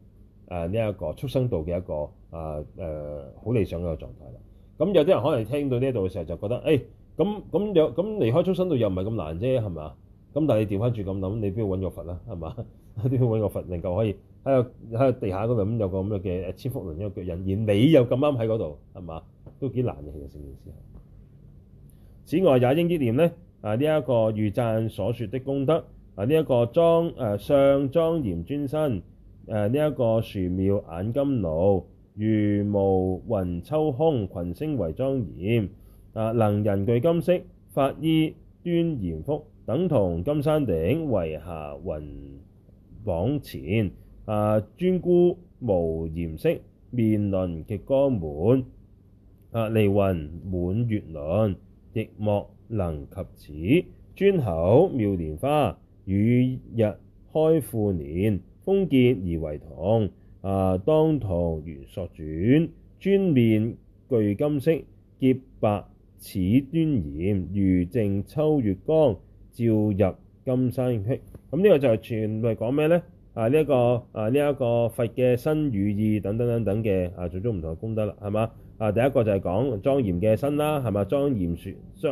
誒呢一個畜生道嘅一個啊誒好、啊啊、理想嘅狀態啦。咁有啲人可能聽到呢一度嘅時候就覺得，誒咁咁有咁離開畜生道又唔係咁難啫，係嘛？咁但係你調翻轉咁諗，你都要揾個佛啦，係嘛？都要揾個佛能夠可以。喺喺地下嗰度咁有個咁樣嘅千輻輪一個腳印，而你又咁啱喺嗰度，係嘛？都幾難嘅。其實成件事此外，也應憶念呢，啊！呢、這、一個喻讚所説的功德啊，呢、這、一個莊誒相、啊、莊嚴尊身誒，呢、啊、一、這個殊妙眼甘露如無雲秋空，群星為莊嚴啊，能仁具金色法衣端嚴覆，等同金山頂，為霞雲縛纏。.啊！尊怙無嚴飾，面輪極光滿。啊！離雲滿月輪，亦莫能及此。尊口妙蓮花，與日開敷蓮，蜂見疑為同。啊！當堂如索轉，尊面具金色，潔白齒瑞嚴。如淨秋月光，照入金山隙。咁、嗯、呢、個就係全部講咩呢？啊！呢、這、一個啊，呢、這、一個佛嘅身語意等等等等嘅啊，做咗唔同嘅功德啦，係嘛？啊，第一個就係講莊嚴嘅身啦，係嘛？莊嚴樹莊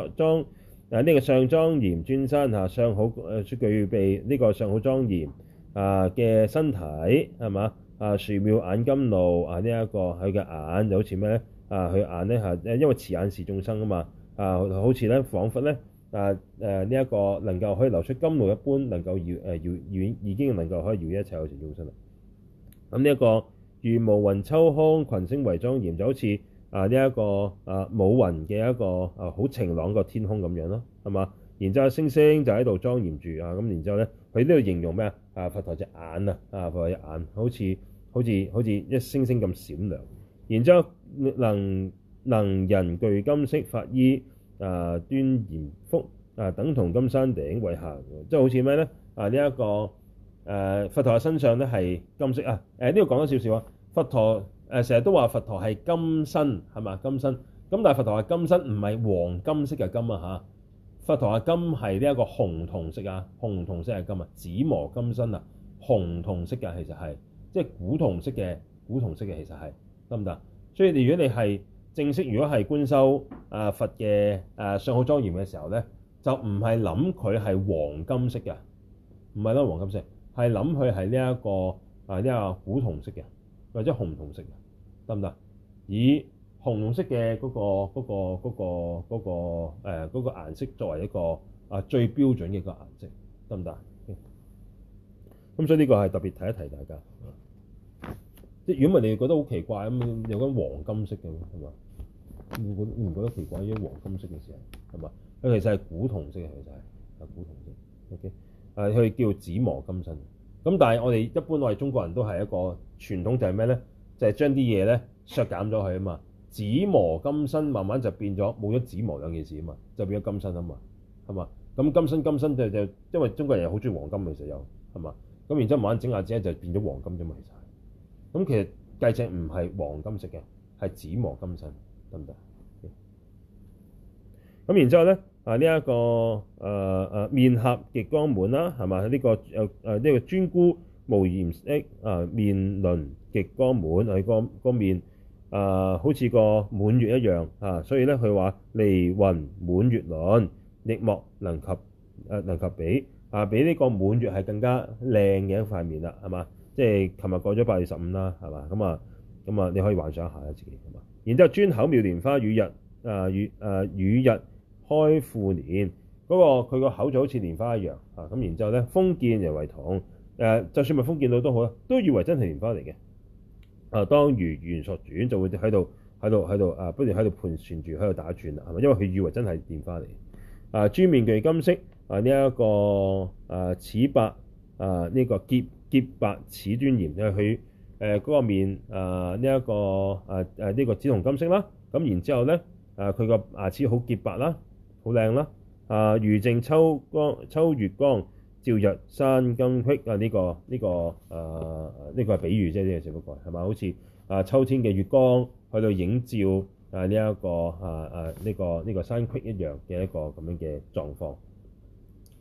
呢、啊這個、相莊嚴尊身、啊、相好、啊、具備呢個相好莊嚴啊嘅身體，係嘛？啊，殊妙眼甘露，啊，呢、這、一個佢嘅眼就好似咩咧？啊，佢眼咧、係、啊、因為慈眼視眾生啊嘛，啊，好似咧彷彿咧。啊，誒，呢一個能夠可以流出甘露一般，能夠搖，誒、搖遠已經能夠可以搖一切嘅成眾身啦。咁呢一個如無雲秋空，群星為莊嚴，就好似啊呢、這個啊、一個啊冇雲嘅一個啊好晴朗個天空咁樣咯，係嘛？然之後星星就喺度莊嚴住啊，咁然之後咧，佢呢度形容咩啊？啊佛陀隻眼啊，啊佛陀隻眼好似好似好似一星星咁閃亮。然之後能能仁具金色法衣。啊，瑞嚴覆啊，等同金山頂為霞，即係好似咩咧？啊，呢、這、一個誒，佛陀嘅身上咧係金色啊。誒，呢度講多少少啊。佛陀誒，成日都話佛陀係、啊、金身，係嘛？金身。咁但係佛陀嘅金身唔係黃金色嘅金啊，嚇。佛陀嘅金係呢一個紅銅色啊，紅銅色係金啊，紫磨金身啊，紅銅色嘅其實係，即係古銅色嘅，古銅色嘅其實係，得唔得？所以你如果你係正式如果係觀修誒、啊、佛嘅、啊、相好莊嚴嘅時候咧，就唔係諗佢係黃金色嘅，唔係咯黃金色，係諗佢係呢一個誒呢、啊這個古銅色嘅，或者紅銅色嘅，得唔得？以紅色嘅嗰、那個嗰、那個嗰、那個嗰、那個那個呃那個、顏色作為一個啊最標準嘅一個顏色，得唔得？咁所以呢個係特別提一提大家。即係如果咪你覺得好奇怪咁有個黃金色嘅，係嘛？我唔覺得奇怪，因為黃金色嘅時候係嘛，佢其實係古銅色嘅，其實係係古銅色。O.K. 係佢叫紫磨金身。咁但係我哋一般我哋中國人都係一個傳統呢，就係咩咧？就係將啲嘢咧削減咗佢啊嘛。紫磨金身慢慢就變咗冇咗紫磨兩件事啊嘛，就變咗金身啊嘛，係嘛。咁金身金身就就因為中國人好中意黃金，其實有，係嘛。咁然之後慢慢整下整下就變咗黃金咗嘛，其實。咁其實計隻唔係黃金色嘅係紫磨金身。得唔得？咁然之後咧，啊呢一個面輪極光滿啦，係、呃、嘛？呢個誒誒呢個尊怙無嚴飾啊，面輪極光滿，佢個個面啊，好似個滿月一樣啊。所以咧，佢話：離雲滿月輪，亦莫能及誒、呃，能及比啊，比呢個滿月係更加靚嘅一塊面啦，係嘛？即係琴日過咗八月十五啦，係嘛？咁啊。咁啊，你可以幻想一下自己啊，然之後，尊口妙蓮花與日，誒與誒與日開敷蓮。嗰、那個佢個口就好似蓮花一樣啊。咁然之後咧，蜂見疑為同。誒，就算唔封建到都好咧，都以為真係蓮花嚟嘅。啊，當如懸索轉就會喺度喺度喺度啊，不斷喺度盤旋住喺度打轉啦，係咪？因為佢以為真係蓮花嚟。啊，尊面具金色啊，呢、這、一個、呃、啊，齒白啊，呢個潔潔白齒端嚴就佢。誒、呃、嗰、那個面啊，呢、呃、一、這個誒誒呢個紫紅金色啦，咁然之後咧，誒佢個牙齒好潔白啦，好靚啦。啊，如、啊、淨、這個啊啊啊、秋光秋月光照入金山隙啊，呢、這個呢、這個誒呢、啊這個係比喻啫，呢個只不過係咪好似啊秋天嘅月光去到影照啊呢、這個啊啊這個這個、一,一個啊啊呢個呢個山隙一樣嘅一個咁樣嘅狀況。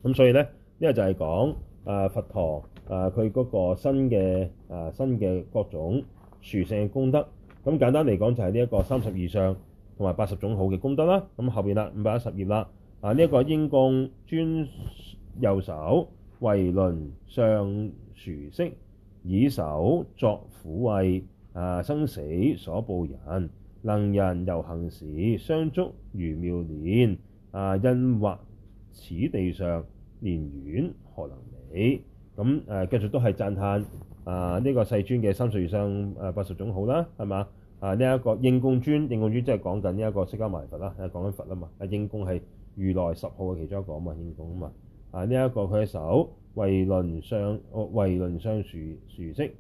咁所以咧，呢、這個就係講誒佛陀。誒佢嗰個新嘅誒、啊、新嘅各種殊勝功德，咁簡單嚟講就係呢一個三十二相同埋八十種好嘅功德啦。咁後邊啦，五百一十頁啦，啊呢一、這個應供尊右手為輪相殊飾，以手作撫慰啊，生死所怖人，能仁遊行時，雙足如妙蓮。啊，印畫此地上，蓮苑何能美？咁、嗯、誒，繼續都係讚歎啊！呢、呃這個世尊嘅三十二相誒、呃、八十種好啦，係嘛啊？呢、這、一個應供尊，應供尊即係講緊呢一個釋迦埋佛啦，係講緊佛啊嘛。啊，應供係如來十號嘅其中一個啊嘛，應供啊嘛啊！呢一個佢嘅手為輪相，為、哦、輪相殊殊飾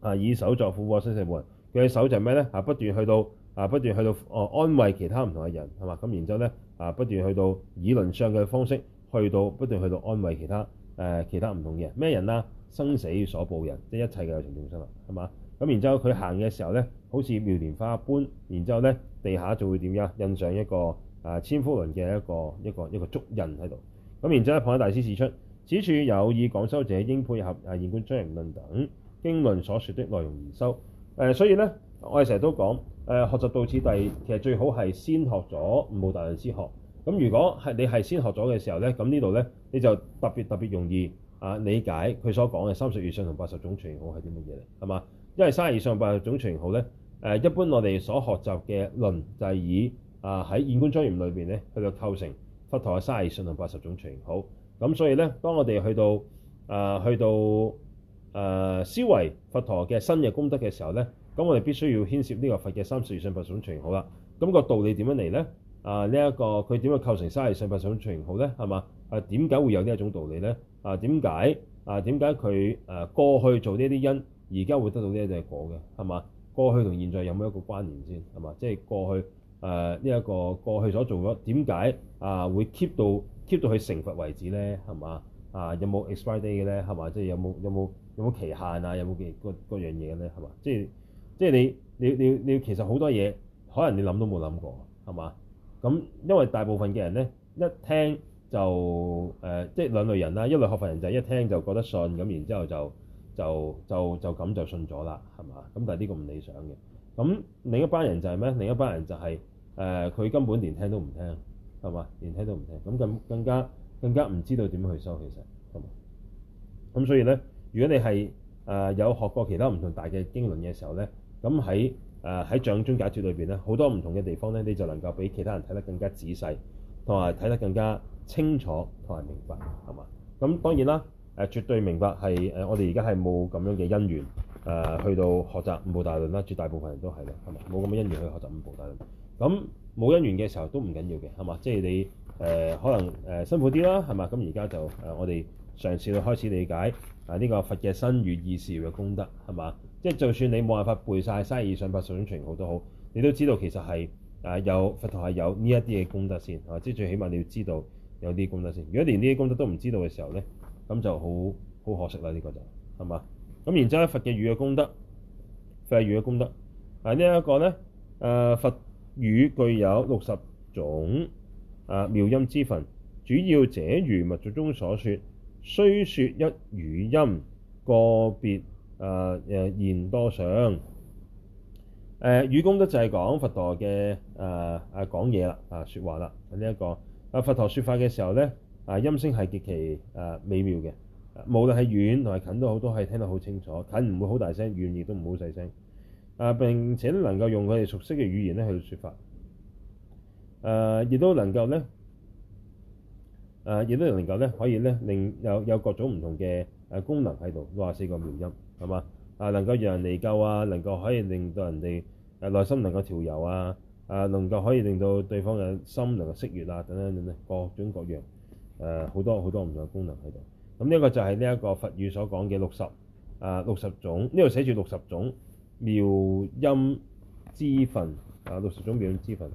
啊，以手作撫慰，生死所怖人。佢、啊、嘅手就係咩咧？啊，不斷去到啊，不斷去到哦、啊，安慰其他唔同嘅人係嘛。咁然之後咧啊，不斷去到以輪相嘅方式去到不斷去到安慰其他。誒、呃、其他唔同嘅咩人啊，生死所怖人，即一切嘅有情眾生啦，係嘛？咁然之後佢行嘅時候咧，好似妙蓮花般，然之後咧，地下就會點樣？印上一個誒、呃、千佛輪嘅一個一個一個足印喺度。咁然之後呢，帕繃喀大師指出，此處有意廣修者應配合誒《現觀莊嚴論，論等》等經論所說的內容而修。誒、呃，所以咧，我哋成日都講誒、呃、學習道次第，其實最好係先學咗五部大論先學。咁如果係你係先學咗嘅時候咧，咁呢度咧，你就特別特別容易啊理解佢所講嘅三十二相同八十種隨好係啲乜嘢嚟，係嘛？因為三十二相八十種隨好咧，誒一般我哋所學習嘅論就係以啊喺現觀莊嚴》裏邊咧去到構成佛陀嘅三十二相同八十種隨好，咁所以咧，當我哋去到啊去到啊思維佛陀嘅身嘅功德嘅時候咧，咁我哋必須要牽涉呢個佛嘅三十二相八十種隨好啦。咁個道理點樣嚟咧？啊！呢、這、一個佢點樣構成三世上法上循好號咧？係嘛？啊，點解會有呢一種道理咧？啊，點解啊？點解佢誒過去做呢啲因，而家會得到呢一隻果嘅？係嘛？過去同現在有冇一個關聯先？係嘛？即係過去誒呢一個過去所做咗點解啊？會 keep 到 keep 到佢成佛為止咧？係嘛、啊？啊，有冇 expire day 嘅咧？係嘛？即係有冇有冇有冇期限啊？有冇嘅各樣嘢咧？係嘛？即係即係你你你你其實好多嘢可能你諗都冇諗過係嘛？咁因為大部分嘅人呢，一聽就誒，即、呃、係、就是、兩類人啦。一類學法人就一聽就覺得信，咁然之後就就就就咁就信咗啦，係嘛？咁但係呢個唔理想嘅。咁另一班人就係咩？另一班人就係、是、誒，佢、呃、根本連聽都唔聽，係嘛？連聽都唔聽，咁更更加更加唔知道點樣去收。其實，係嘛？咁所以呢，如果你係誒、呃、有學過其他唔同大嘅經論嘅時候呢，咁喺誒喺掌中解脫裏邊咧，好多唔同嘅地方咧，你就能夠俾其他人睇得更加仔細，同埋睇得更加清楚同埋明白，係嘛？咁當然啦，誒、啊、絕對明白係誒，我哋而家係冇咁樣嘅因緣誒、啊，去到學習五步大論啦，絕大部分人都係嘅，係嘛？冇咁嘅因緣去學習五部大論，咁冇因緣嘅時候都唔緊要嘅，係嘛？即係你誒、呃、可能誒、呃、辛苦啲啦，係嘛？咁而家就誒、呃、我哋嘗試去開始理解。啊！呢、這個佛嘅身語意事業嘅功德係嘛？即係、就是、就算你冇辦法背晒三十二相法、八十種隨好都好，你都知道其實係啊有佛陀係有呢一啲嘅功德先啊！即、就是、最起碼你要知道有啲功德先。如果連呢啲功德都唔知道嘅時候咧，咁就好好可惜啦！呢、這個就係、是、嘛？咁然之後佛嘅語嘅功德，佛嘅語嘅功德啊！這個、呢一個咧，誒、啊、佛語具有六十種啊妙音之分，主要者如密續中所說雖說一語音，各別誒誒，現多相。誒、呃、語功，都就係講佛陀嘅誒誒講嘢啦啊，説話啦呢一個啊，佛陀説法嘅時候咧啊，音聲係極其誒、啊、美妙嘅、啊，無論係遠同係近都好，都係聽得好清楚。近唔會好大聲，遠亦都唔好細聲啊。並且能夠用佢哋熟悉嘅語言咧去説法誒，亦、啊、都能夠咧。誒亦都能夠咧，可以咧令有有各種唔同嘅誒功能喺度。六十四個妙音係嘛、啊？能夠讓人離救啊，能夠可以令到人哋誒內心能夠調柔啊,啊，能夠可以令到對方嘅心能夠釋然啊，等等等各種各樣誒好、啊、多好多唔同嘅功能喺度。咁呢個就係呢一個佛語所講嘅六十誒六十種，呢度寫住六十種妙音之分啊，六十種,種妙音之分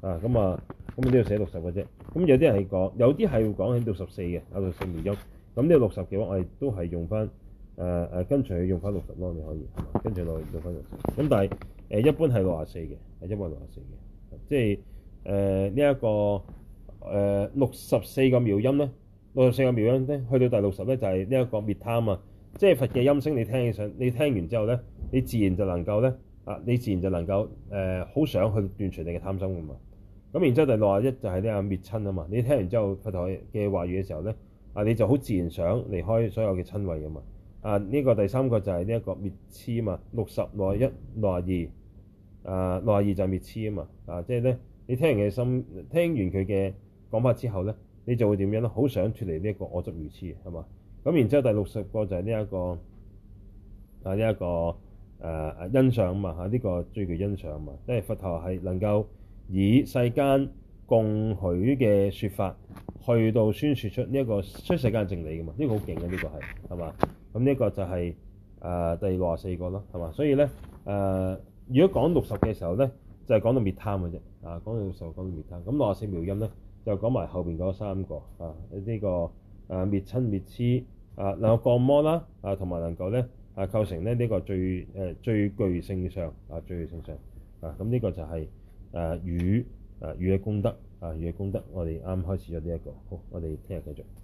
啊咁啊。咁你都要寫六十嘅啫，咁有啲人係講，有啲係會講喺六十四嘅，有六十四秒音。咁呢個六十嘅話，我哋都係用翻，誒誒跟住去用翻六十咯，你可以，跟住落嚟用翻六十。咁但係誒一般係六十四嘅，一般係六十四嘅，即係誒呢一個誒六十四個秒音咧，六十四個秒音咧，去到第六十咧就係呢一個滅貪啊！即係佛嘅音聲，你聽起上，你聽完之後咧，你自然就能夠咧啊，你自然就能夠誒好想去斷除你嘅貪心噶嘛。咁然之後第六十一就係呢個滅親啊嘛，你聽完之後佛陀嘅話語嘅時候咧啊，你就好自然想離開所有嘅親位啊嘛啊呢個第三個就係呢一個滅痴啊嘛，六十六一六十二啊六十二就係滅痴啊嘛啊即係咧你聽完佢心聽完佢嘅講法之後咧，你就會點樣咧？好想脫離呢一個我執如痴係、這個啊這個呃、嘛？咁然之後第六十個就係呢一個啊呢一個誒誒欣賞啊嘛，呢個最具欣賞啊嘛，即係佛陀係能夠。以世間共許嘅說法去到宣説出呢一個出世間正理㗎嘛？呢個好勁嘅，呢個係係嘛？咁呢個就係呃、第六十四個啦，係嘛？所以咧、呃、如果講六十嘅時候咧，就係講到滅貪嘅啫。啊，講到六十講到滅貪。咁六十四秒音咧，就講埋後邊嗰三個啊，呢個誒滅瞋滅痴啊，能夠、啊、降魔啦啊，同埋能夠咧啊構成咧呢個最最具性相。啊，最具性相啊。咁呢個啊啊就係。啊、呃、語啊、呃、語嘅功德，啊語嘅功德，我哋啱啱開始咗呢一個，好，我哋聽日繼續。